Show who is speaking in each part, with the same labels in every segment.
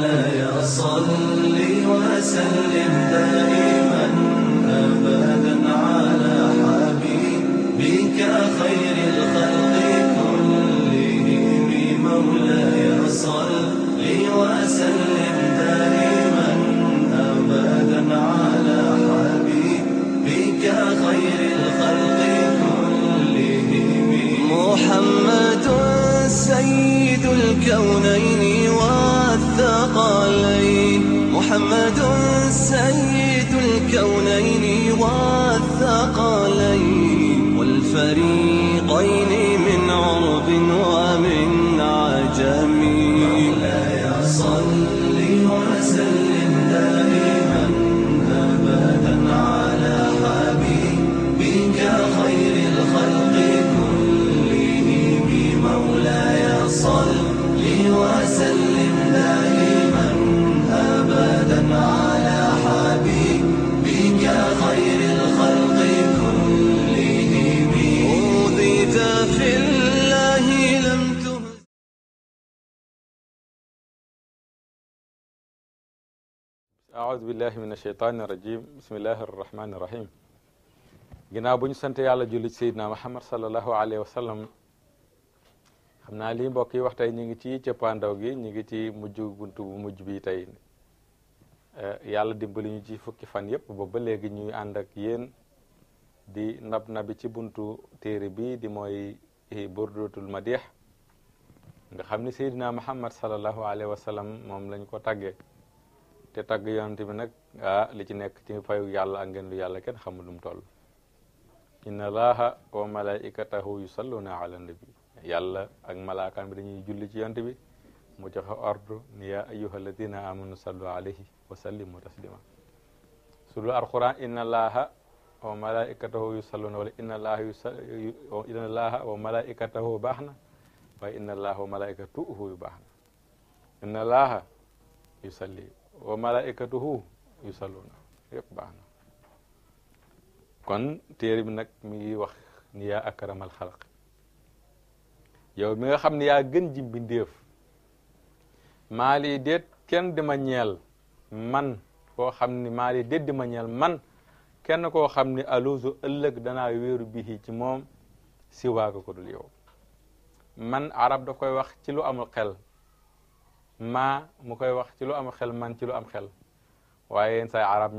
Speaker 1: مولاي صل وسلم دائما أبدا على حبيبك خير الخلق كلهم مولاي صل وسلم
Speaker 2: audu billahi min asheytaani irajim bismillahi arrahmani irrahim ginnaaw bu ñu sant yàlla julli ci seydina muhammad salallahu alayhi wa sallam xam naa lii mbokk yi wax tey ñu ngi ci cëppaandaw gi ñu ngi ci mujj buntu bu mujj bii tey eh, yàlla dimbali ñu ci fukki fan yépp ba ba léegi ñuy ànd ak yéen di nab nabi ci buntu téere bi di mooy eh, burdatul madih nga xam ni seydina muhammad salallahu alayhi wa sallam moom lañu ko tàggee te tàgg yonent bi nag ah, li ci nekk ci fayu yàlla ak lu yàlla kenn xamul lu mu toll inna laaha wa malaikatahu yusalluna ala nabi yàlla ak malaakaam bi dañuy julli ci yonent bi mu joxe ordre ni yaa wala inna laaha inna laaha wa baax na waaye inna laaha wa malaikatuhu wa malaikatuhu yusalluuna yëpp baax na kon téere bi nag mi ngi wax ni yaa akramal yow mi nga xam ne gën ji mbindéef maa lii déet kenn di ma ñeel man koo xam ni maa lii di ma ñeel man kenn koo xam ni aluusu ëllëg danaa wéeru bihi ci moom si waaga ko dul yow man arab daf koy wax ci lu amul xel ma mu koy wax ci lu am xel man ci lu am xel waaye yenn say arab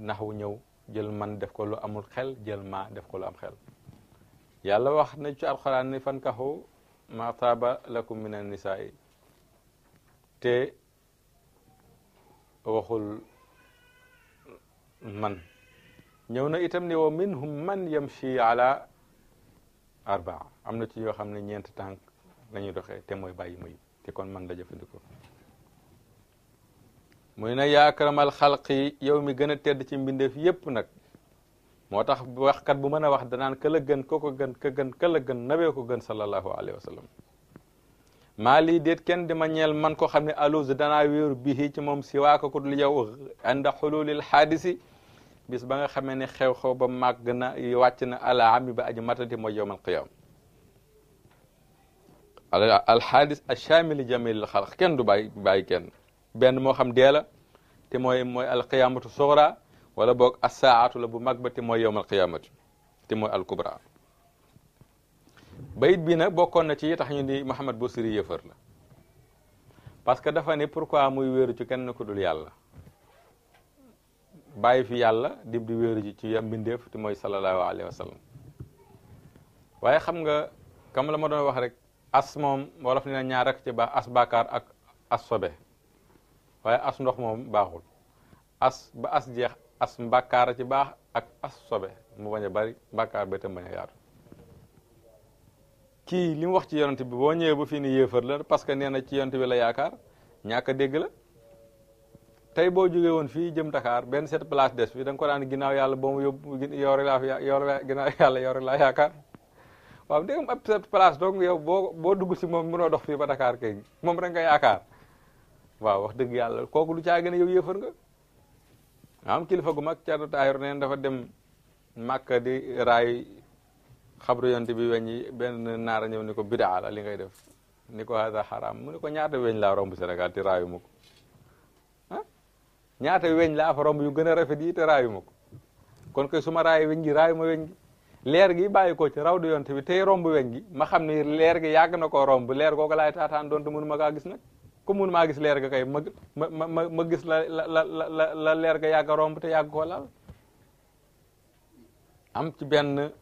Speaker 2: naxwu ñëw jël man def ko lu amul xel jël ma def ko lu am xel yàlla wax na ci alxuraan ni fankahu ma taaba lakum min annisaai te waxul man ñëw na itam ni wa minhum man yamshi ala arbaa am na ci yoo xam ne ñeent tànk la ñuy doxee te mooy bàyyi mayib kon man da jëfandikoo muy nag yaa akramal xalqi yow mi gën a tedd ci mbindeef yépp nag moo tax waxkat bu mën a wax danaan ka la gën ko ko gën ka gën ka nabee ko gën sallallahu alayhi wa sallam maa lii déet kenn di ma ñeel man ko xam ne aluz danaa wéeru bihi ci moom si waa ko ku dul yow ànda xululil xaadisi bis ba nga xamee ni xew-xew ba màgg na wàcc na ala ami ba aj matati mooy yowmal qiyaama alxaadis achamili jamilil xalq kenn du bàyyi bàyyi kenn benn moo xam dee la te mooy mooy alqiyamatu soxra wala boog assaatu la bu mag ba te mooy yowm alqiyamati te mooy alkubra bayit bi nag bokkoon na ci tax ñu ni Muhammad Busiri yëfër la parce que dafa ne pourquoi muy wéeru ci kenn ku dul yàlla bàyyi fi yàlla dib di wéeru ci mbindeef te mooy sallallahu alayhi wa waaye xam nga kam la ma doon wax rek as moom wolof ne ñaar ci baax as bàkkaar ak as sobe waaye as ndox moom baaxul as jeex as mbàkkaar ci baax ak as sobe mu bañ bari mbàkkaar ba itam bañ a yaatu kii li mu wax ci yonent bi boo ñëwee ba fii ni la parce que nee na ci yonent bi la yaakaar ñàkk a dégg la tey boo jógee woon fii jëm Dakar benn set place des bi da nga ko daan ginnaaw yàlla ba mu yaakaar waaw ndegam ab sa place donc yow boo boo dugg si moom mënoo dox fii ba Dakar kay moom rek nga yaakaar waaw wax dëgg yàlla kooku lu caa gën a yow yéefar nga am kilifa gu mag Thierno Tahir neen dafa dem Màkka di raay xabru yonte bi weñ yi benn naara ñëw ni ko bidaa la li ngay def ni ko hada xaraam mu ni ko ñaata weñ laa romb Sénégal te raayu ma ah? ñaata weñ laa fa romb yu gën a rafet yi te raayu ma kon koy su weñ gi raayu ma weñ leer gi bàyyi ko ci raw du yonte bi tey romb weñ gi ma xam ne leer gi yàgg na koo romb leer googu laay taataan doonte mënu ma kaa gis nag ku mënu maa gis leer ga kay ma ma ma ma gis la la leer ga yàgg a romb te yàgg koo laal am ci benn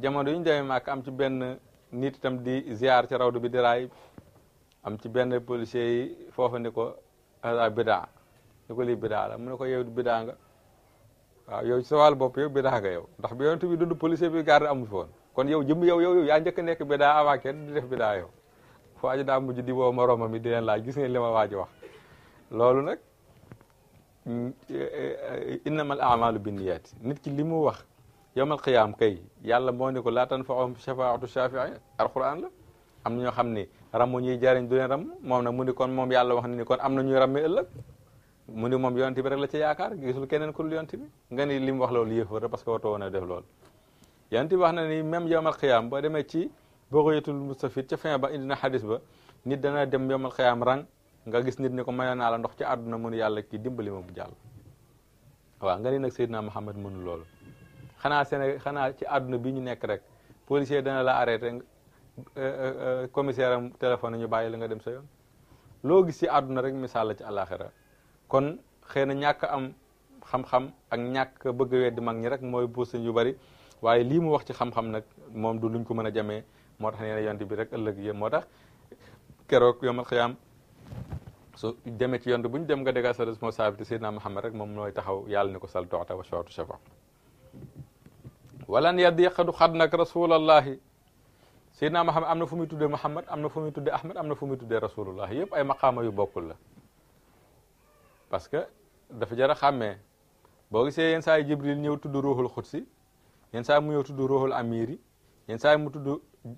Speaker 2: jamono yu ñu demee màkk am ci benn nit itam di ziar ci rawdu bi di raay am ci benn policier yi foofa ni ko bidaa ni ko lii bidaa la mu ko yow bidaa nga waaw yow ci sa wàllu bopp yow bidaa nga yow ndax bi yonent bi dund policier bi garde amul foon kon yow jëm yow yow yow yaa njëkk nekk bidaa avant kenn di def bidaa yow waa ji daa mujj di woo moroomam mi di leen laaj gis ngeen li ma waa ji wax loolu nag innamal amalu binniyaat nit ki li mu wax yawmal qiyaam kay yàlla moo ne ko laa tanfaahum shafaatu shaafiin alquran la am na ñoo xam ne ramu ñuy jariñ du leen ram moom na mu ni kon moom yàlla wax na ni kon am na ñuy ramme ëllëg mu ni moom yonent bi rek la ci yaakaar gisul keneen ku dul yonent nga ni li mu wax loolu yëf la parce que warutoo woon a def lool yonent bi wax na ni même yowmal xiyaam ba demee ci bugyatul mustafid ca fin ba indi na xadis ba nit dana dem yowmal xiyaam rang nga gis nit ni ko mayoon naa la ndox ci àdduna mu ni yàlla kii dimbali ma mu jàll waaw nga ni nag Seydina Muhammad mënu lool xanaa Sénégal xanaa ci àdduna bi ñu nekk rek policier dana la arrêté euh, euh, euh, commissaire am téléphone ñu bàyyi la nga dem sa yoon loo àdduna rek misaal la ci kon xëy na ñàkk am xam-xam ak ñàkk bëgg di mag ñi rek mooy buusañ yu bari waaye lii mu wax ci xam-xam nag moom du luñ ko mën a jamee moo tax nee yont bi rek ëllëg yé moo tax keroog yomal xiyaam su demee ci yont bu ñu dem nga dégal sa responsabilité Seydina Muhammad rek moom nooy taxaw yàlla ni ko sal toxta wa shawatu shafa walan yadiqadu xad nag rasulallahi Seydina Muhammad am na fu muy tuddee Muhammad am na fu muy tuddee Ahmad am na fu muy tuddee rasulullah yëpp ay maqaama yu bokkul la parce que dafa jar a xàmmee boo gisee yenn saa yi jibril ñëw tudd ruuxul xutsi yenn saa yi mu ñëw tudd ruuxul amiri yenn saa yi mu tudd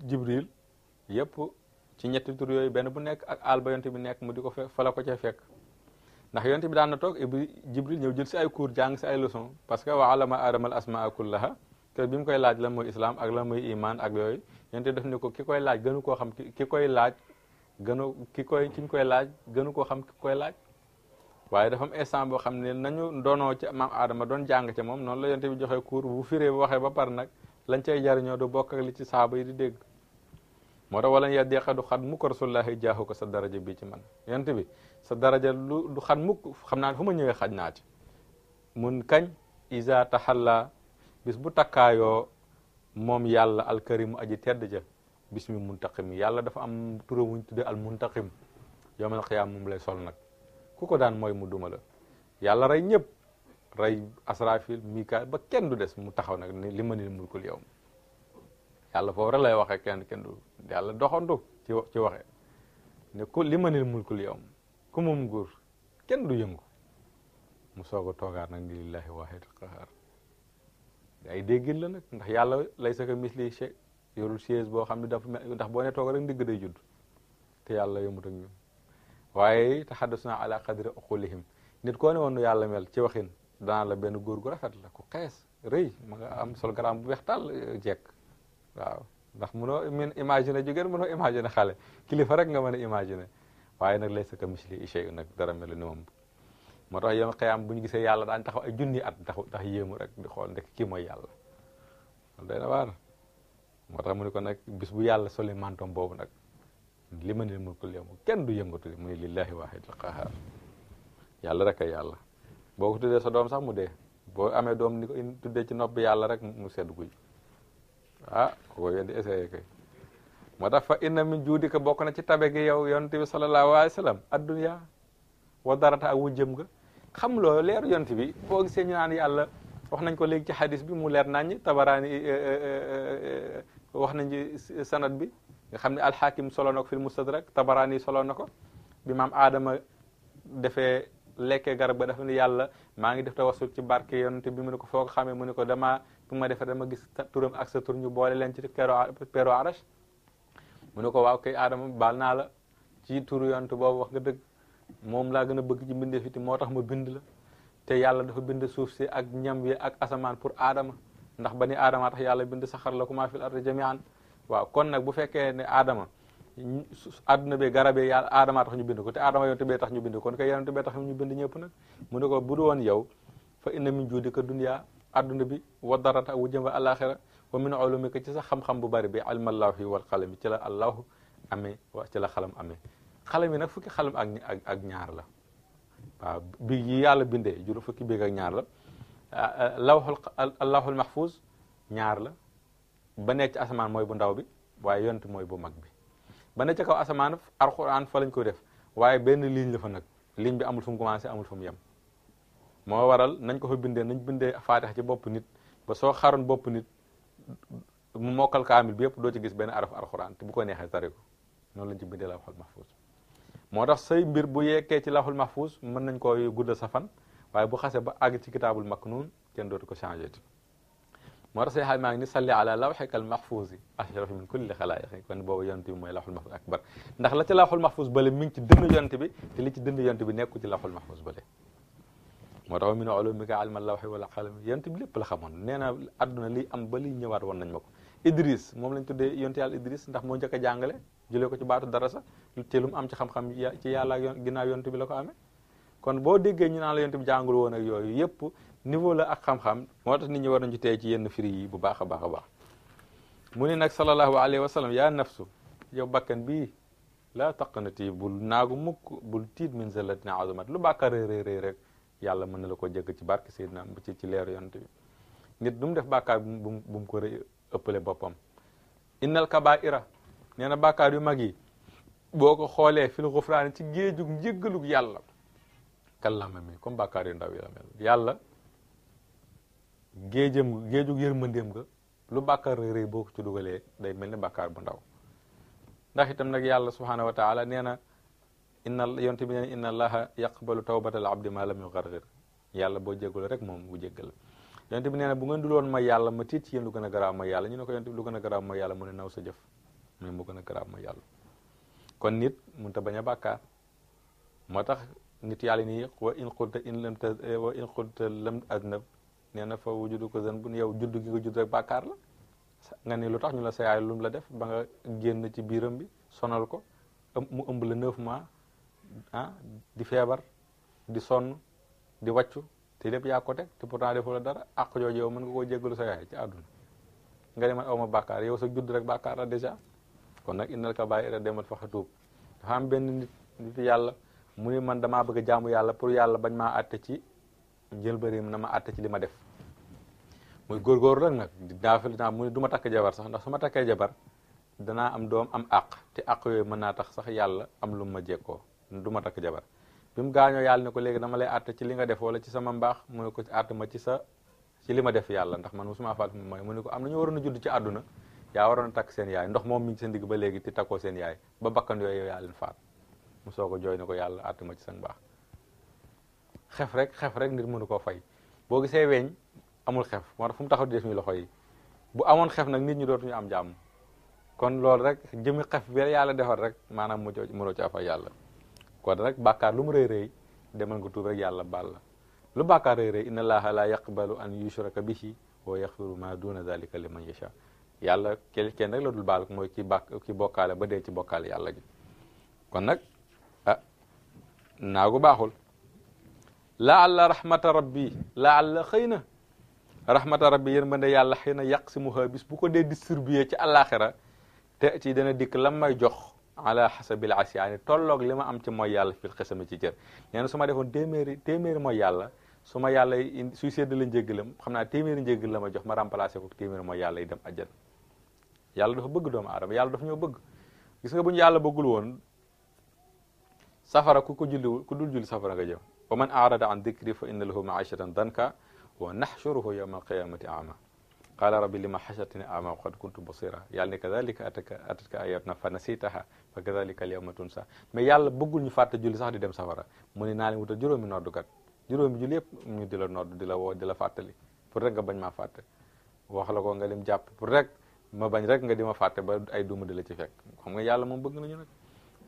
Speaker 2: jibril yëpp ci ñetti tur yooyu benn bu nekk ak àll ba yonte bi nekk mu di ko fe fa la ko cee fekk ndax yonte bi daan na toog ibi jibril ñëw jël si ay cours jàng si ay leçon parce que wa alama aadamal asmaa kullaha te bi mu koy laaj la mooy islam ak lan mooy iman ak yooyu yonte def ni ko ki koy laaj gënu koo xam ki koy laaj gënu ki koy ki koy laaj gënu koo xam ki koy laaj waaye dafa am instant boo xam ne nañu ndonoo ci maam aadama doon jàng ca moom noonu la yonte bi joxe cours bu firee ba waxee ba par nag lañ cay jariñoo du bokk ak li ci saaba yi di dégg moo tax wala ya deeqa du xat mukk rasulullahi jaaxu ko sa daraja bi ci man yonte bi sa daraja lu du mukk xam naa fu ma ñëwee xaj naa mun kañ isa taxalla bis bu takkaayoo moom yàlla alkarimu aji tedd ja bismi muntaqim yàlla dafa am turam wuñ tudde al muntaqim yowmal xiyaam moom lay sol nag ku ko daan mooy mu duma la yàlla rey ñëpp rey asrafil mikaal ba kenn du des mu taxaw nag ni li ma ni mulkul yow yàlla foofu lay waxee kenn kenn du yàlla doxantu ci ci waxee ne ku li ma ni mulkul yow ku moom nguur kenn du yëngu mu soog a toogaat nag ni lillahi wahid qahar ay la nag ndax yàlla lay saka misli che yorul siège boo xam ne dafa ndax boo ne toog rek ndigg day judd te yàlla yomut ak ñun waaye taxaddasuna ala qadri uqulihim nit koo ne woon nu yàlla mel ci waxin danaa la benn góor gu rafet la ku xees rëy ma am sol garaam bu weex tàll jekk waaw ndax mënoo min imaginer jigéen mënoo imaginer xale kilifa rek nga mën a imaginer waaye nag laysa ka misli shay nag dara mel ni moom moo tax yow xëyaam bu ñu gisee yàlla daan taxaw ay junni at tax tax yéemu rek di xool ndek kii mooy yàlla moo tax mu ne ko nag bis bu yàlla soli mantom boobu nag li ma ne mulkul kenn du yëngatu muy lillahi waahidul qahaar yàlla rek ay yàlla boo ko tuddee sa doom sax mu dee boo amee doom ni ko tuddee ci nopp yàlla rek mu sedd guy ah kooku yéen di essayé bokk na ci tabe gi yow yonent bi sallallahu alayhi wa sallam addunya wa darata ak wujjëm nga bi boo gisee yàlla wax nañ ko léegi ci xadis bi mu leer nañ tabaraani eh, eh, eh, wax nañ ci sanad bi nga xam ne alxaakim solo na ko fil mustadrak tabaraani solo na ko bi maam aadama defee lekke garab ba dafa ni yàlla maa ngi def tawassul ci barke yonente bi mu ne ko foog ko xamee mu ne ko damaa bu ma defee dama gis turam ak sa tur ñu boole leen ci pero arash mu ne ko waaw kay aadama baal naa la ci turu yonente boobu wax nga dëgg moom laa gën a bëgg ci mbindee fiti moo tax ma bind la te yàlla dafa bind suuf si ak ñam yi ak asamaan pour aadama ndax ba ni aadama tax yàlla bind saxar la ku maa fil ardi waaw kon nag bu fekkee ne aadama adduna bi garab yi yàlla aadama tax ñu bind ko te aadama yonent bee tax ñu bind ko kon kay yonent bee tax ñu bind ñëpp nag mu ne ko bu du woon yow fa inna min juudika dunya adduna bi wa darata ak wu jëm ba alaxira wa min ulumika ci sa xam-xam bu bari bi almallaahi wal xalam ci la allahu amee wa ci la xalam amee xalam yi nag fukki xalam ak ak ñaar la waaw bi yi yàlla bindee juróom fukki biig ak ñaar la ah, ah, lawxul allahul mahfuz ñaar la ba nekk asamaan mooy bu ndaw bi waaye yonent mooy bu mag bi ba nekk ci kaw asamaan alxuraan fa lañ ko def waaye benn ligne la fa nag liñ bi amul fu mu commencé amul fu mu yem moo waral nañ ko fa bindee nañ bindee faatixa ci bopp nit ba soo xaroon bopp nit mu mokkal kaamil bi yëpp doo ci gis benn araf alxuraan te bu ko neexee tari ko lañ ci bindee lawxul mahfuus moo tax say mbir bu yeekee ci max mahfuus mën nañ ko guddal sa fan waaye bu xasee ba àgg ci kitaabul maknuun kenn dootu ko changé ti moo tax say xaal maa ngi ni salli ala lawxika almaxfuusi ashraf min kulli xalaayiqi kon boobu yonent bi mooy lawxul maxfuus akbar ndax la ci lawxul maxfuus bële mi ngi ci dënd yonent bi ci dënd yonent bi nekku ci lawxul maxfuus bële moo tax min ulumika alma wala xalami yonent bi lépp la xamoon nee na àdduna liy am ba liy ñëwaat woon nañ ma ko Idris moom lañ tuddee yonent yàlla Idris ndax moo njëkk a jàngale jëlee ko ci baatu darasa te lu am ci xam-xam ci yàlla ginnaaw yonent bi la boo déggee ñu naan la yonent bi jàngul woon ak yooyu yëpp niveau la ak xam-xam moo tax nit ñi war nañu tey ci yenn firi yi bu baax a baax baax mu ne nag sallallahu alayhi wa sallam yaa nafsu yow bakkan bii laa taqnati bul naagu mukk bul tiit min zallatin azamat lu bàkkaar réy rek yàlla mën na la ko jégg ci barke bu ci ci leeru yonent nit du mu def bàkkaar bu ko rëy ëppale boppam innal kabaira nee na bàkkaar yu mag yi boo ko xoolee fil xufraani ci géejug njéggalug yàlla kallama mi comme bàkkaar yu ndaw yi la mel yàlla géejëm géejug yërmandeem nga lu bàkkaar rëy rëy boo ko ci dugalee day mel ni bàkkaar bu ndaw ndax itam nag yàlla subhaanahu wa taala nee na inna yonte bi nee inna allaha yaqbalu tawbatal abdi ma lam yugargir yàlla boo jéggul rek moom bu jéggal yonte bi nee na bu ngeen dul ma yàlla ma tiit ci yéen lu gën a garaaw ma yàlla ñu ne ko yonte bi lu gën a garaaw ma yàlla mu ne naw sa jëf mu ne mu gën a ma yàlla kon nit mun ta bañ a moo tax nit yàlla nii wa in qulta in lam aznab nee na fa wujudu ko zan bu yow judd gi nga judd rek bàkkaar nga ni lu tax ñu la sa yaay lu mu la def ba nga génn ci biiram bi sonal ko mu ëmb la neuf ma ah di feebar di sonn di wàccu te lépp yaa ko teg te pourtant defoo la dara àq jooju yow mën nga koo jéggalu sa ci àdduna nga ne man aw ma bàkkaar yow sa judd rek bàkkaar la déjà kon nag innal a demat fa xatuub dafa am benn nit nit yàlla mu man damaa bëgg jaamu yàlla pour yàlla bañ maa àtte ci njëlbëreem na ma àtte ci li ma def muy góorgóorlu rek nag naafil naa mu ne du ma takk jabar sax ndax su ma takkee jabar danaa am doom am àq te àq yooyu mën naa tax sax yàlla am lu ma jekkoo du ma takk jabar bi mu gaañoo yàlla ne ko léegi dama lay àtte ci li nga def wala ci sama mbaax mu ne ko àtte ma ci sa ci li ma def yàlla ndax man musuma faat mooy mu ne ko am na ñu waroon a judd ci àdduna yaa waroon takk seen yaay ndox moom mi ngi seen ba léegi te takkoo seen yaay ba bakkan yooyu yow yaa leen faat mu soo ko jooy ne ko yàlla àtte ma ci sa mbaax xef rek xef rek nit mënu koo fay boo gisee weñ amul xef moo tax fu mu taxaw di def loxo yi bu amoon xef nag nit ñi dootuñu am jàmm kon loolu rek jëmi xef bi yàlla defar rek maanaam mu mënoo ci afa yàlla kon rek bàkkaar lu mu rëy rëy demal nga tuub rek yàlla baal la lu bàkkaar rëy rëy inna allaha la yaqbalu an yushraka bihi wa yaxfiru ma duna dalika liman yasha yàlla kenn kenn rek la dul baal mooy ki bàkk ki bokkaale ba dee ci bokkaale yàlla kon nag ah naagu baaxul la alla rahmata rabbi la alla xëy na rahmata rabbi yërmande yàlla xëy na yàq si muha bis bu ko dee distribuer ci àllaaxira te ci dana dikk lan may jox ala xasabil asiyaani tolloog li ma am ci mooy yàlla fil xasami ci cër nee su ma defoon téeméeri téeméeri mooy yàlla su ma yàlla suy sedd la njéggalam xam naa téeméeri njéggal la ma jox ma remplacé ko téeméeri mooy yàlla yi dem ajjan yàlla dafa bëgg doomu aadama yàlla dafa ñoo bëgg gis nga bu ñu yàlla bëggul woon safara ku ko julliwul ku dul julli safara nga jëm wa man arada an dikri fa inna lahu maishatan danka wa naxshuruhu yawma alqiyamati ama qaala rabbi lima a ama wa qad kuntu basira yàlla ne kadalika ataka atatka ayatuna fa nasitaha fa a alyawma tunsa mais yàlla bëggul ñu fàtte julli sax di dem safara mu ne naa leen wutal juróomi noddukat juróomi julli yëpp ñu di la nodd di la woo di la fàttali pour rek nga bañ maa fàtte wax la ko nga lim jàpp pour rek ma bañ rek nga di ma fàtte ba ay duuma di la ci fekk xam nga yàlla moom bëgg nañu nag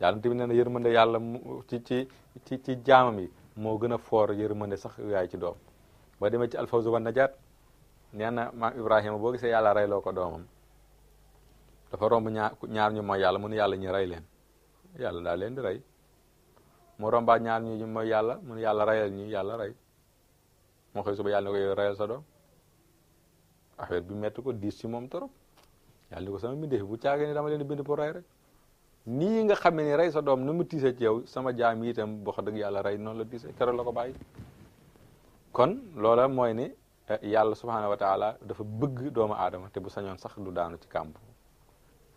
Speaker 2: yàlla tamit nee na yërmande yàlla ci ci ci ci jaamam yi moo gën a foor yërmande sax yaay ci doom ba demee ci alfawzu wa najaat nee na maam Ibrahima boo gisee yàlla reyloo ko doomam dafa romb ñaar ñu mooy yàlla mu ne yàlla ñu rey leen yàlla daal leen di rey mu rombaat ñaar ñu mooy yàlla mu yàlla reyal ñu yàlla rey moo xëy suba yàlla ko yow reyal sa bi métti ko diis ci moom trop yàlla ni ko sama mbindeef bu caagee ni dama leen di bind pour rey rek nii nga xam ne ni rey sa doom nu mu tiisee ci sama jaam yi itam wax dëgg yàlla rey noonu la tiisee keroog la ko kon loola mooy ni eh, yàlla subhaanahu wa taala dafa bëgg doomu aadama te bu sañoon sax du daanu ci kàmb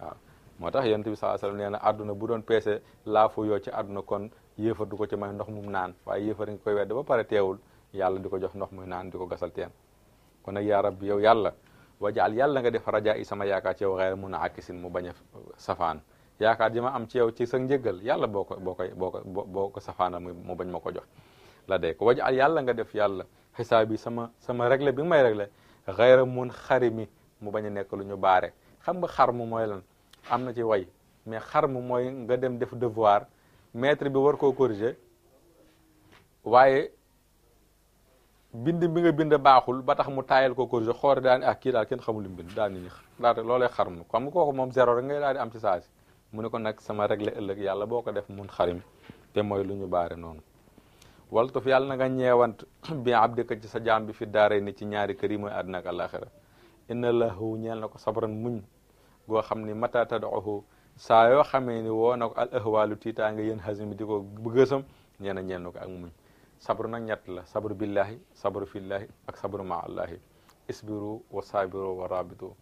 Speaker 2: waaw moo tax yonent bi sallallahu alayhi wasallam nee na àdduna bu doon peese laafu yoo ci àdduna kon yéefar du ko ci may ndox mum naan waaye yéefar nga koy wedd ba pare teewul yàlla di ko jox ndox muy naan di ko gasal teen kon nag yaa rabbi yow yàlla wajaal yàlla nga def raja yi sama yaakaar ci yow xeyr mun a àkkisin mu bañ a yaakaar ji ma am ci yow ci sa njëgal yàlla boo ko boo koy boo ko boo ko safaanal mu bañ ma ko jox la day ko waj al yàlla nga def yàlla xisaab bi sama sama réglé bi nga may réglé xayra mun xari mi mu bañ a nekk lu ñu baare xam nga xar mu mooy lan am na ci way mais xar mu mooy nga dem def devoir maître bi war koo corriger waaye bind bi nga bind baaxul ba tax mu taayal ko corriger xoore daan ak ah, kii kenn xamul lu mu bind daal ni daal loolee xar mu xam nga kooku moom zéro rek ngay daal di am ci saasi mu ne ko nag sama regle ëllëg yàlla boo ko def mun xarim te mooy lu ñu baare noonu waltuf yàlla naga nga ñeewant bi abdika ci sa jaam bi fi daaray ni ci ñaari kër yi mooy àdduna ak àlaxira inna ñeel na ko sabran muñ goo xam ni mata tad'uhu saa yoo xamee ni woo na ko al ahwalu tiitaa nga yéen xasimi di ko bëggasam ñee ñeel na ko ak muñ sabar nag ñett la sabar billahi sabar fillahi ak sabru ma allahi isbiru wa sabiru wa rabitu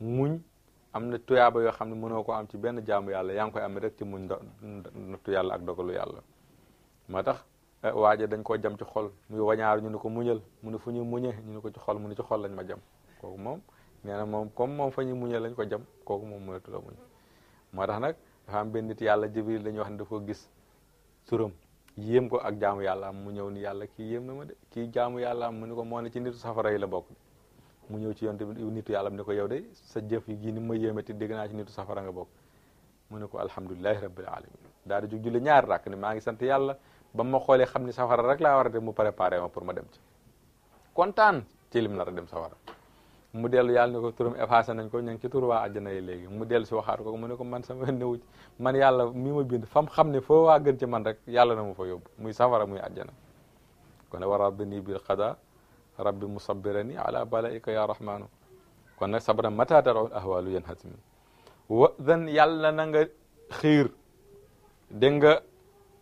Speaker 2: muñ am na tuyaaba yoo xam ne mënoo ko am ci benn jaamu yàlla yaa ngi koy am rek ci muñ nattu yàlla ak dogalu Eh, waaja dañ koo jam ci xol muy wañaar ñu ne ko muñal mu ne fu ñu muñe ñu ne ko ci xol mu ne ci xol lañ ma jam kooku moom nee na moom comme moom fa ñu muñe lañ ko jam kooku moom mënatu la muñ moo tax nag dafa am benn nit yàlla jibril dañuy wax ne daf ko gis suram yéem ko ak jaamu yàlla am mu ñëw ni yàlla kii yéem na ma de kii jaamu yàlla am mu ne ko moo ne ci nitu safara yi la bokk mu ñëw ci yoon tamit nitu yàlla am ne ko yow de sa jëf yi gii ni ma yéemati dégg naa ci nitu safara nga bokk mu ne ko alhamdulilahi rabbil alamin daal di jug julli ñaari rakk ne maa ngi sant yàlla ba ma xoolee xam ni safara rek laa war a dem mu préparé ma pour ma dem ci kontaan ci lim a dem safara mu dellu yàlla ne ko turam effacé nañ ko ñu ngi ci tur waa àjjana yi léegi mu dellu si waxaat ko mu ne ko man sama néew man yàlla mi ma bind fam xam ne foo waa man rek yàlla na mu fa yóbbu muy safara muy àjjana kon nag waradini bil qada rabbi ni ala balaika ya rahmanu kon nag sabra mata taraul ahwalu yan hasimi wa dan yàlla na nga xiir dégg nga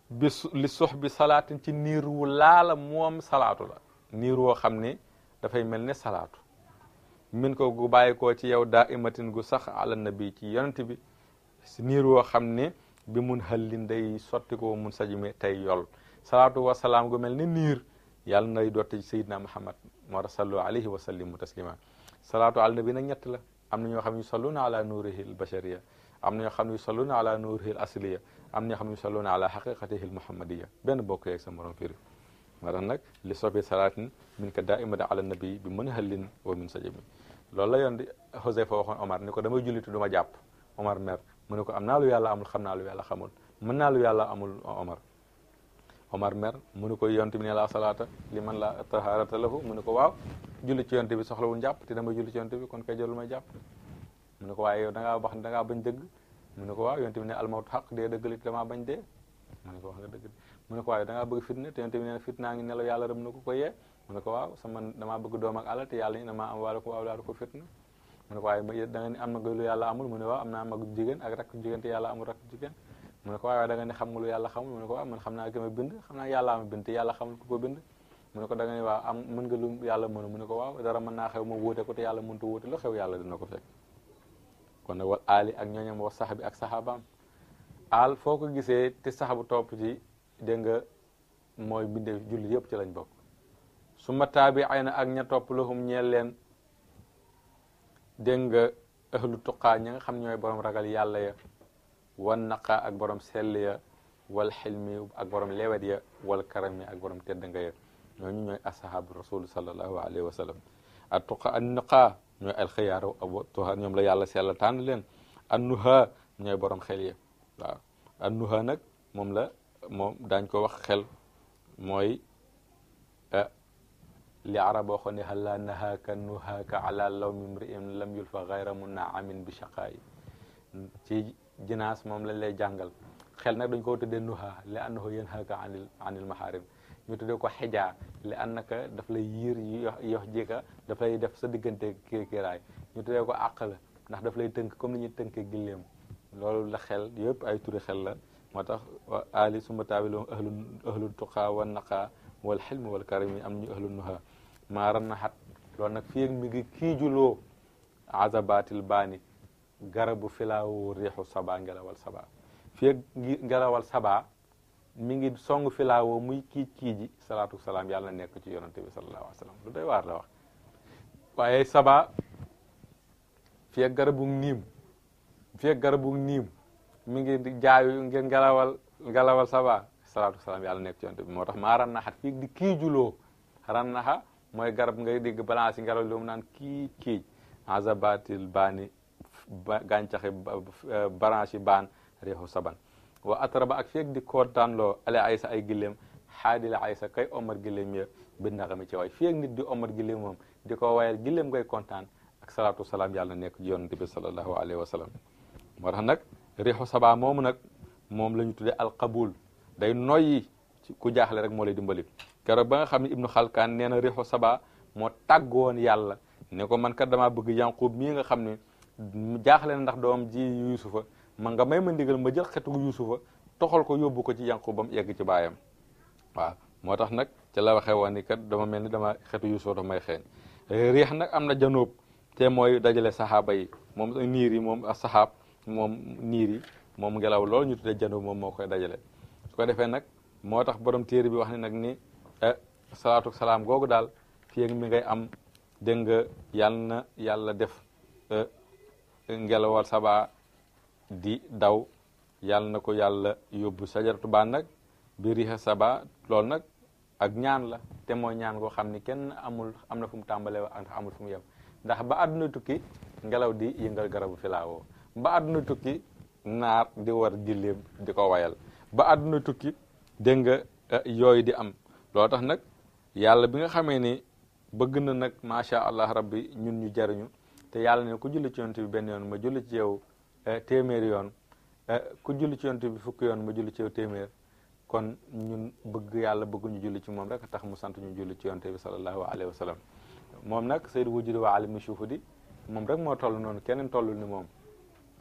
Speaker 2: li sox bi salaatin ci niir wu laala moom salaatu la niir woo xam ne dafay mel ni salaatu min ko gu bàyyi koo ci yow daa imatin gu sax ala nabi ci yonent bi niir woo xam ne bi mun xallin day sotti ko mun sajime tey yol salaatu wasalaam gu mel ni niir yàlla nay dotti ci sayidna muhammad moo tax sallu alayhi wa sallimu taslima salaatu ala nabi nag ñetti la am na ñoo xam ne yu salluna ala nuurihi am na ñoo xam ne yu salluna ala nuurihi al am ñoo xam ne yusalluuna ala xaqiqatihi lmuhammadiya benn bokk yeeg sa morom firi moo tax nag li sobi salaatin min ka daa imada ala nabi bi mën halin wa min sajami loolu la yoon di Xoseyfa waxoon Omar ni ko damay jullitu du ma jàpp Omar mer mu ne ko am naa lu yàlla amul mu ne ko bi ne laa salaata li man la taharata lahu mu ko waaw julli ci yonte bi soxlawul njàpp te damay julli ci bi kon kay jëlul jàpp mu ko waaye yow da ngaa wax bañ dëgg mu ne ko waaw yonent bi ne almawtu xaq dee dëggalit damaa bañ dee mu ne ko wax nga dëgg mu ne ko waaw da ngaa bëgg fitna te yonent bi ne fitnaa ngi nelaw yàlla rëm na ko ko yee mu ne ko waaw sama damaa bëgg doom ak alal te yàlla ñu damaa am waale ko awlaadu ko fitna mu ne ko waaye da nga ne am na lu yàlla amul mu ne waaw am naa mag jigéen ak rakk jigéen te yàlla amul rakk jigéen mu ne ko waaye da nga ne xam nga lu yàlla xamul mu ne ko waaw man xam naa ki ma bind xam naa yàlla am bind te yàlla xamul ku ko bind mu ne ko da nga ne waaw am mën nga lu yàlla mënu mu ne ko waaw dara mën naa xew ma wóote ko te yàlla mënut a wóote lu xew yàlla dina ko fekk kon nag wal aali ak ñooñam wa sax bi ak saxaabaam aal foo ko gisee te saxabu topp ci dégg nga mooy mbindeef jullit yëpp ci lañ bokk su ma taabi ay na ak ña topp lahum ñeel leen dégg nga ahlu tuqaa ña nga xam ñooy borom ragal yàlla ya wan naqa ak borom sell ya wal xilmi ak borom lewet ya wal karami ak borom tedd nga ya ñooñu ñooy ashabu rasul sallallahu alayhi wa sallam a ñooy alxiyaaru abatuha ñoom la yàlla sella tànn leen annuha ñooy borom xel yi waaw annuha nag moom la moom daañ ko wax xel mooy eh, li arab waxoon ne halla nahaaka nuhaaka ala lawmi mri'in lam yulfa gayra munaamin bi shaqaayi ci jinaas moom lañ lay jàngal xel nag dañ ko tuddee nuha li annahu yanhaaka anil anil mahaarim ñu tuddee ko xijaa li annaka daf lay yiir yox yox jika daf lay def sa diggante kii kiiraay ñu tuddee ko àqal ndax daf lay tënk comme ni ñuy tënkee gilleem loolu la xel yëpp ay turi xel la moo tax ali suma taabiloo ahlu ahlu tuqaa wa wal xilmi wal karimi am ñu ahlu nuha maaran na xat loolu nag fii mi ngi kiijuloo azabaatil baani garabu filaawu riixu sabaa ngelawal saba fii mi ngi song filaawoo muy kiij kiiji salaatu salaam yàlla na nekk ci yonante bi sallallahu alayhi wa sallam lu doy waar la wax waaye saba fi ak garabu niim fi ak garabu niim mi ngi jaayu ngir ngelawal ngelawal saba salaatu salaam yàlla nekk ci yonante bi moo tax maa ran naxat fii di kiijuloo ran naxa mooy garab ngay dégg balance yi ngelaw li mu naan kii kiij azabatil baani gàncaxi eh, branche yi baan réexu saban wa atraba ak feeg di kontaanloo ala aysa ay gilleem xaadi la aysa kay omar gilleem ya bi naxami ci waay feeg nit di omar gilleem moom di ko wayal gilleem ngay kontaan ak salaatu salaam yàlla nekk ci yoon bi sallallahu alayhi wa sallam moo tax nag riixu saba moomu nag moom la ñu tuddee alqabul day noyyi ku jaaxle rek moo lay dimbali keroog ba nga xam ne ibnu xalkaan nee na riixu sabaa moo woon yàlla ne ko man kat damaa bëgg yanqub mii nga xam ne jaaxle na ndax doom ji yusufa man nga may ma ndigal ma jël xetu yuusufa toxal ko yóbbu ko ci yanqu ba mu yegg ci baayam waaw moo tax nag ci la waxee woon ni kat dama mel ni dama xetu yuusufa dafa may xeeñ riix nag am na janóob te mooy dajale saxaaba yi moom niir yi moom saxaab moom niir yi moom ngelaw loolu ñu tuddee janóob moom moo koy dajale ko defee nag moo tax borom téere bi wax ni nag ni eh, salaatu salaam googu daal fii mi ngay am dégg nga yàlla na yàlla def eh, ngelawal sabaa di daw yàlla na ko yàlla yóbbu sajaratu baan nag bi riha saba loolu nag ak ñaan la te mooy ñaan goo xam ni kenn amul am na fu mu tàmbalee ak amul fu mu yem ndax ba àdduna tukki ngelaw di yëngal garabu filaawoo ba àdduna tukki naar di war gilleem di ko wayal ba àdduna tukki dégg nga eh, yooyu di am loo tax nag yàlla bi nga xamee ni bëgg na nag macha allah rabbi ñun ñu jariñu te yàlla na ku julli ci yonent bi benn yoon ma julli ci yow Eh, téeméeri yoon eh, ku julli ci yonent bi fukk yoon mu julli ci téeméer kon ñun bëgg yàlla bëgg ñu julli ci moom rek tax mu sant ñu julli ci yonent bi sallallahu alayhi wa sallam moom nag Sayyid Wujudi wa suufu di moom rek moo toll noonu keneen tollul ni moom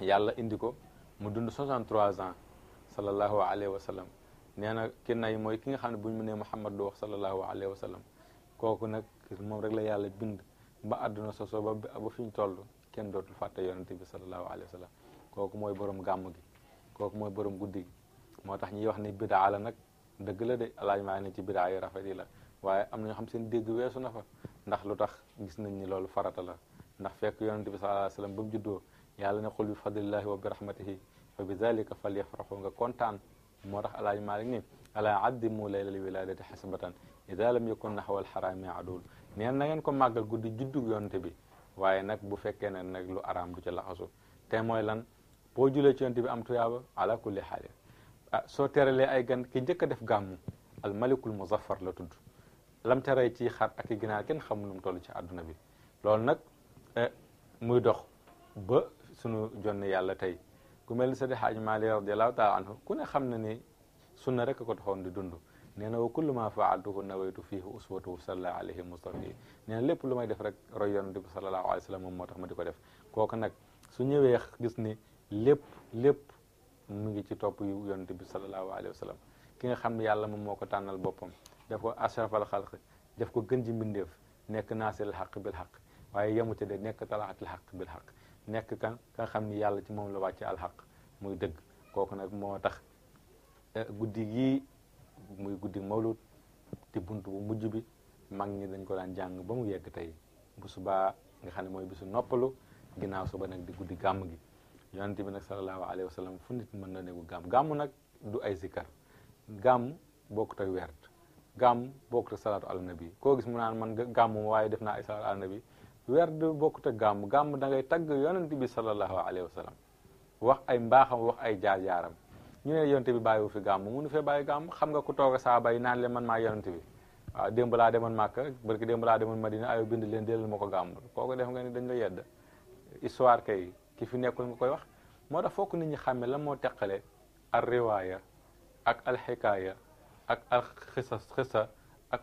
Speaker 2: yàlla indi ko mu dund 63 ans sallallahu alayhi wa sallam nee na ki nay mooy ki nga xam ne bu ñu nee Muhammad du wax sallallahu alayhi wa sallam kooku nag moom rek la yàlla bind ba àdduna sosoo ba ba fi ñu toll kenn dootul fàtte yonent bi sallallahu alayhi wa sallam kooku mooy borom gàmm gi kooku mooy borom guddi moo tax ñuy wax ni bidaa la nag dëgg la de alaaj maa ne ci bidaa yu rafet yi la waaye am na ñoo xam seen dégg weesu na fa ndax lu tax gis nañ ni loolu farata la ndax fekk yonente bi sallallahu alayhi wasallam ba mu juddoo yàlla ne xul bi fadlillahi wa bi rahmatihi fa bi zalika falyafraxu nga kontaan moo tax alaaj maalik ni alaa addimu laylal wiladati xasbatan ida lam yakun naxwal xaraami adul neen na ngeen ko màggal guddi juddu yonente bi waaye nag bu fekkee ne nag lu araam du te mooy lan boo julee ci yonent bi am tuyaaba ala kulli xaal ah soo teralee ay gan ki njëkk a def gàmmu al malikul muzaffar la tudd lam tere ci xar ak ginaar kenn xamul nu mu toll ci àdduna bi loolu nag eh, muy dox ba sunu jon yàlla tey ku mel ni Seydi Haaji Maalik radiallahu taala anhu ku ne xam na ni sunna rek ko taxoon di dund nee na wa kullu ma faaltuhu nawaytu fiihi uswatahu sallallahu alayhi mustafi nee na lépp lu may def rek roy yonent bi sallallahu alayhi wa sallam moom moo tax ma di ko def kooku nag lépp lépp mu ngi ci topp yu yonent bi sallallahu alayhi wa ki nga xam ne yàlla moom moo ko tànnal boppam def ko ashrafal xalq def ko gën ji mbindeef nekk naasiril xaq bil xaq waaye yemu ci de nekk talaatil xaq bil xaq nekk kan ka nga xam ni yàlla ci moom la wàcce alxaq muy dëgg kooku nag moo tax eh, guddi yii muy guddi mawlud di bunt bu mujj bi mag ñi dañ ko daan jàng ba mu yegg tey bu subaa nga xam ne mooy bisu noppalu ginnaaw suba nag di guddi gàmm gi yonent bi nag sallallahu alayhi wa sallam fu nit mën na néegu gàmm gàmm nag du ay zikkar gàmm bokkut ak werd gàmm bokkut ak salaatu ala nabi koo gis mu naan man gàmm waaye def naa ay salaatu ala nabi werd bokkut ak gàmm gàmm da ngay tagg yonent bi sallallahu alayhi wa sallam wax ay mbaaxam wax ay jaar-jaaram ñu ne yonent bi bàyyiwu fi gàmm munu fee bàyyi gàmm xam nga ku toog a saaba yi naan leen man maa yonent bi waaw ah, démb laa demoon Màkka barki démb laa demoon Madina ayo bind leen delloo ma ko gàmm kooku def nga ni dañ la yedd histoire kay ki fi nekkul nga koy wax moo tax fokk nit ñi xàmme lan moo teqale al ak alxikaaya ak al ak xisa ak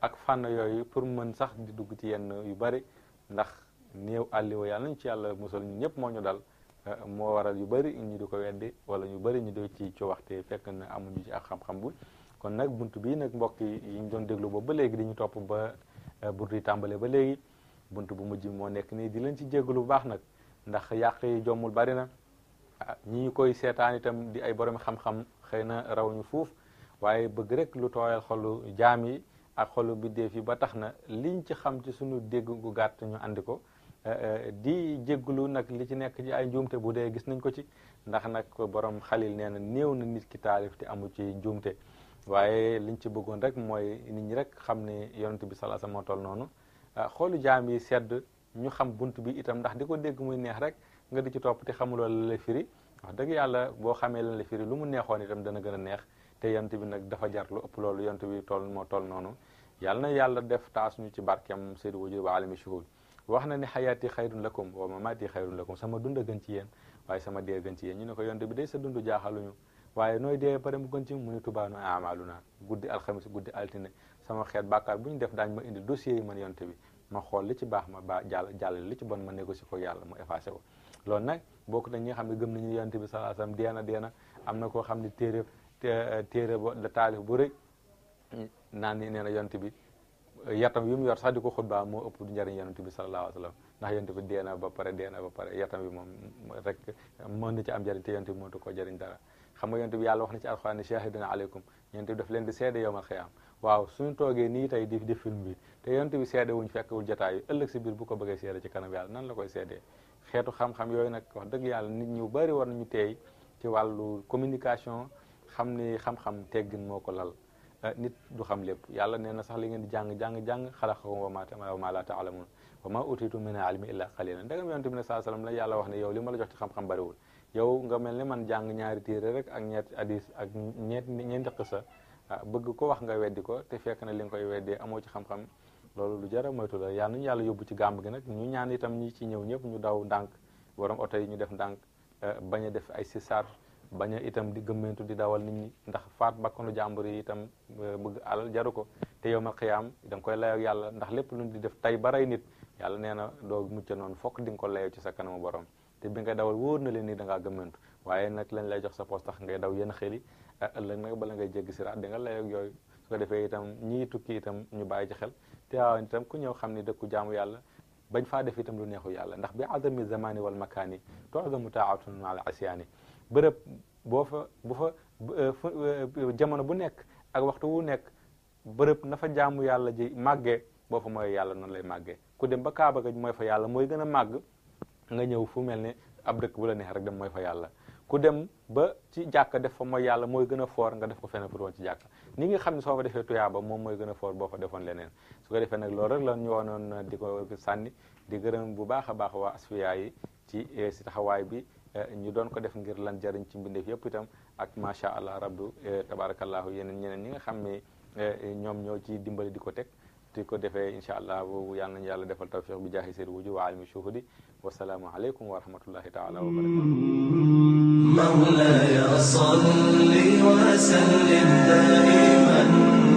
Speaker 2: ak fànn yooyu pour mën sax di dugg ci yenn yu bari ndax néew àlliwa yàlla nañ ci yàlla musal ñu ñëpp moo ñu dal euh, moo waral yu bari ñu di ko weddi wala ñu bari ñu di ci ci waxte fekk na amuñu ci ak xam-xam bu kon nag bunt bii nag mbokk yi ñu doon déglu boobu ba léegi dañu topp ba euh, buntu yi tàmbale ba léegi bunt bu mujj moo nekk nii di leen ci jéggalu bu baax nag ndax yàq yi jommul bari na ah, ñi koy seetaan itam di ay borom xam-xam xëy na raw ñu fuuf waaye bëgg rek lu tooyal xolu jaam yi ak xolu biddeef yi ba tax na liñ ci xam ci suñu dégg gu gàtt ñu andi ko eh, eh, di jégglu nag li ci nekk ci ay njuumte bu dee gis nañ ko ci ndax nag borom xalil nee na néew na nit ki taalif te amu ci njuumte waaye liñ ci bëggoon rek mooy nit ñi rek xam ne yont bi sallallahu alayhi moo toll noonu ah, xolu jaam yi sedd ñu xam bunt bi itam ndax di ko dégg muy neex rek nga di ci topp te xamuloo la la firi wax dëgg yàlla boo xamee lan la firi lu mu neexoon itam dana gën a neex te yant bi nag dafa jar lu ëpp loolu yant bi toll moo toll noonu yàlla na yàlla def taas ñu ci barkeem Seydou Wajur wa alami shuhud wax na ne xayaati xayrun lakum wa mamaati xayrun lakum sama dund gën ci yéen waaye sama dee gën ci yéen ñu ne ko yant bi day sa dund jaaxaluñu waaye nooy dee pare mu gën ci mu ne tubaano amaluna guddi alxamis guddi altine sama xeet bàkkaar bu ñu def daañ ma indi dossier yi bi ma xool li ci baax ma baax jàll jàll li ci bon ma négocier ko yàlla mu effacé ko loolu nag bokk na ñi nga xam ne gëm nañu yonent bi sallallahu alayhi wasallam deena deena am na koo xam ne téere téere ba la taalif bu rëy naan ni nee na yonent bi yatam yu mu yor sax di ko xutbaa moo ëpp du njëriñ yonent bi sallallahu alayhi wasallam ndax yonent bi deena ba pare deena ba yatam bi moom rek mën na ci am jëriñ te yonent bi mënatu ko jëriñ dara xam nga yonent yàlla wax na ci alxuraan ne shahiduna aleykum yonent bi daf leen di seede yowmal xiyaam waaw suñu toogee nii tey di di film bi te yonent bi seede wuñ fekkewul jotaay yi ëllëg si biir bu ko bëggee seede ci kanam yàlla nan la koy seedee xeetu xam-xam yooyu nag wax dëgg yàlla nit ñu bari war nañu teey ci wàllu communication xam ni xam-xam teggin moo ko lal eh, nit du xam lépp yàlla nee na sax li ngeen di jàng jàng jàng xalaqakum wa ma wa ma la taalamun wa ma utitu min almi illa qalila ndegam yonent bi ne saa salaam la yàlla wax ne yow li la jox ci xam-xam bariwul yow nga mel ne man jàng ñaari téere rek ak ñetti hadis ak ñeenti ñeenti xisa ah bëgg ko wax nga weddi ko te fekk na li nga koy weddee amoo ci xam-xam loolu lu jara moytu la yàlla ñu yàlla yóbbu ci gàmb gi nag ñu ñaan itam ñi ci ñëw ñëpp ñu daw ndànk borom oto yi ñu def ndànk eh, bañ def ay sisaar bañ itam di gëmmentu di dawal nit ñi ndax faat bakkanu jàmbur yi itam eh, bëgg alal jaru ko te yow ma xiyaam da nga koy layoo yàlla ndax lépp lu di def tey baray nit yàlla nee na doo mucc noonu fokk di nga ko layoo ci sa kanamu borom te bi nga dawal wóor na leen ni da ngaa gëmmentu waaye nag lañ lay jox sa poos tax ngay daw yenn xel yi Ah, ëllëg nag bala ngay jéggi siraat di nga lay yooyu su defee itam ñii tukki itam ñu bàyyi ci xel te waaw itam ku ñëw xam ni dëkku jaamu yàlla bañ faa def itam lu neexu yàlla ndax bi azami zamani wal makaani tuazamu taatun ala asyaani bërëb boo fa bu fa eh, eh, jamono bu nekk ak waxtu wu nekk bërëb na fa jaamu yàlla ji màggee boo fa mooy yàlla noonu lay màggee ku dem ba kaaba ga mooy fa yàlla mooy gën a màgg nga ñëw fu mel ne ab dëkk bu neex rek dem mooy fa yàlla ku dem ba ci jàkka def fa mooy yàlla mooy gën a foor nga def ko fene pour woon ci jàkka ni xam ne soo fa defee tuyaaba moom mooy gën a foor boo fa defoon leneen su ko defee nag loolu rek la ñu woonoon di ko sànni di gërëm bu baax a baax waa asfiya yi ci eh, si taxawaay bi eh, ñu doon ko def ngir lan jariñ ci mbindeef yëpp itam ak macha allah rabdu eh, tabarakallahu yeneen ñeneen ñi nga xam ne ñoom ñoo ci dimbali di ko teg di ko defee incha allah boobu yàlla nañu yàlla defal tawfiq bi jaahi seyr wuju wa alimi shuhudi wasalaamu aleykum wa rahmatullahi taala wa barakatuh مولاي صل وسلم دائما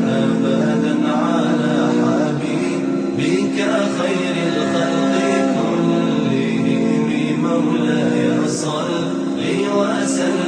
Speaker 1: أبدا على حبيبك خير الخلق كلهم مولاي صل وسلم